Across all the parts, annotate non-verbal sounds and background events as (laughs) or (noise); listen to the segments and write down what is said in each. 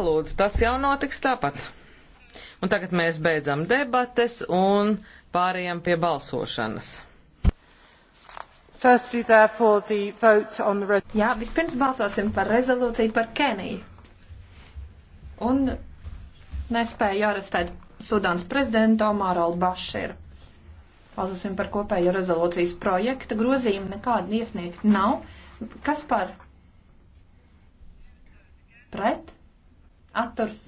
Lūdzu, tas jau notiks tāpat. Un tagad mēs beidzam debates un pārējām pie balsošanas. Jā, vispirms balsosim par rezolūciju par Keniju. Un nespēju arestēt Sudānas prezidentu Omāru Albašīru. Balsosim par kopējo rezolūcijas projektu. Grozījumi nekādi iesniegt nav. Kas par? Pret? atturs.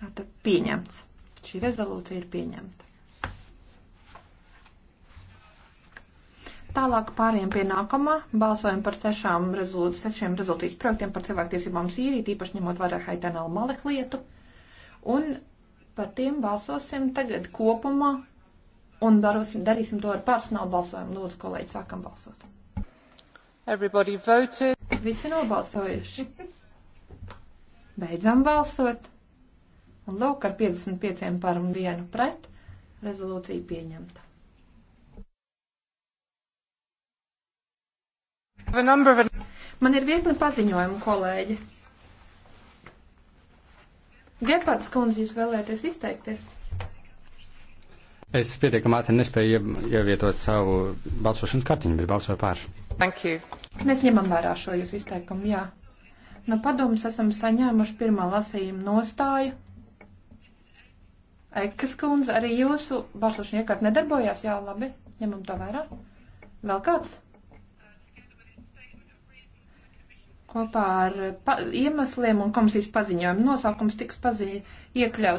Tātad pieņemts. Šī rezolūcija ir pieņemta. Tālāk pāriem pie nākamā. Balsojam par sešām rezolūt, sešiem rezolūcijas projektiem par cilvēktiesībām Sīriju, īpaši ņemot vērā Haitan al-Malek lietu. Un par tiem balsosim tagad kopumā un darosim, darīsim to ar personālu balsojumu. Lūdzu, kolēģi, sākam balsot. Everybody voted. Visi nobalsojuši. (laughs) Beidzam balsot. Un lūk, ar 55 par un vienu pret rezolūcija pieņemta. Man ir virkni paziņojumu, kolēģi. Gepards kundze, jūs vēlēties izteikties? Es pietiekam ātri nespēju ievietot savu balsošanas kartiņu, bet balsoju pār. Mēs ņemam vērā šo jūsu izteikumu, jā. No nu, padomus esam saņēmuši pirmā lasījuma nostāju. Ekas kundze, arī jūsu bašlašana iekārt nedarbojās, jā, labi, ņemam to vērā. Vēl kāds? Kopā ar pa, iemesliem un komisijas paziņojumu nosaukums tiks paziņ, iekļauts